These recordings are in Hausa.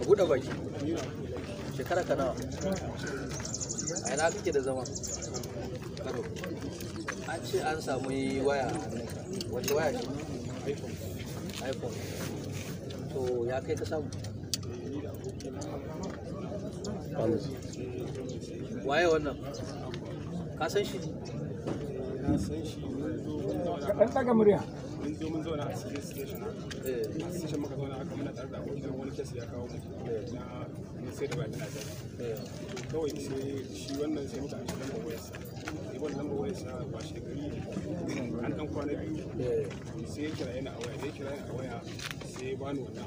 a buɗe baki shekara ka nawa a yana kake da zama karo an ce an samu waya wace waya ce iphone to ya kai ka samu waye wannan ka san shi mun zo mun eh. a station a station aka su ya kawo na sai da bakin azari kawai sai shi wannan sai muka amshi lambar wayarsa sai wani lambar wayarsa ba an dan kwana biyu sai ya kira yana a waya sai kira yana a waya sai bani wannan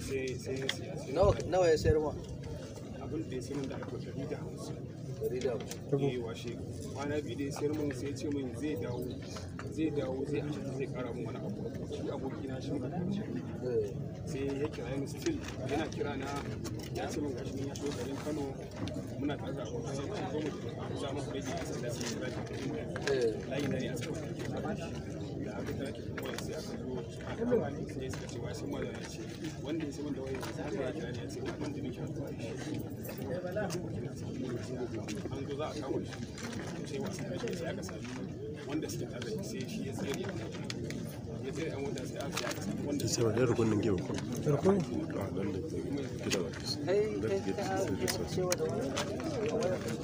sai sai sai nawa ya sayar ma abin da ya sayar da aka ɗari da hamsin eh washe kwana biyu da ya sayar min sai ce zai dawo zai dawo zai ashe zai kara wani abu shi aboki na shi eh. sai ya kira ni still yana kira na ya ce min gashi ya shigo garin Kano muna tare da abokan sai mu zo mu za mu rage da sai da eh. layi na ne a cikin da ake kuma da sai aka zo aka kama ni da suka da wai sun ma zana ce da ya da wanda waya sai aka kira da ya da wai da nake da shi da zo da a da shi da wa da aka da aka da wanda da tare da sai da ya da ya da an da sai da aka da wanda da wanda da gaba da rukunin a nan da ke da da sai da sai da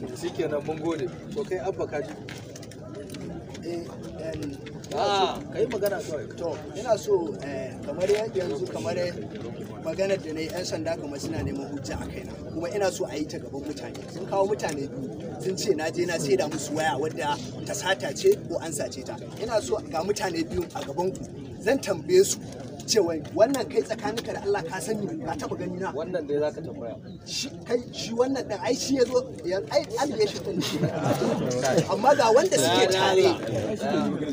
nan mun gode to kai abba ka ji eh, ah, ka yi magana kawai to ina so eh, kamar yanzu kamar maganar da na yi 'yan sanda kamar suna neman hujja a kaina kuma ina so a yi ta gaban mutane sun kawo mutane biyu sun ce na je na saida musu waya wadda ta sata ce ko an sace ta ina so ga mutane biyu a gaban ku zan tambaye su cewa wannan kai tsakaninka da Allah ka sani ba taba gani na wannan dai zaka tambaya shi kai shi wannan dan ai shi yazo ya ai an ya shi amma ga wanda suke tare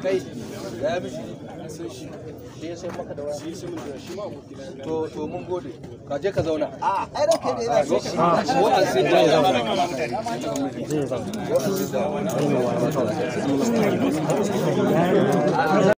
kai ya bi shi ka je ka zauna a